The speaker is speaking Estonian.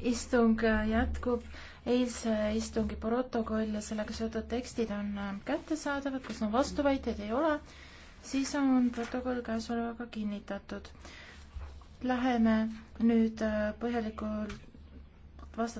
istung äh, jätkub. eilse istungi protokoll ja sellega seotud tekstid on äh, kättesaadavad, kas on vastuväiteid, ei ole, siis on protokoll käesolevaga kinnitatud. Läheme nüüd äh, põhjalikult vastata.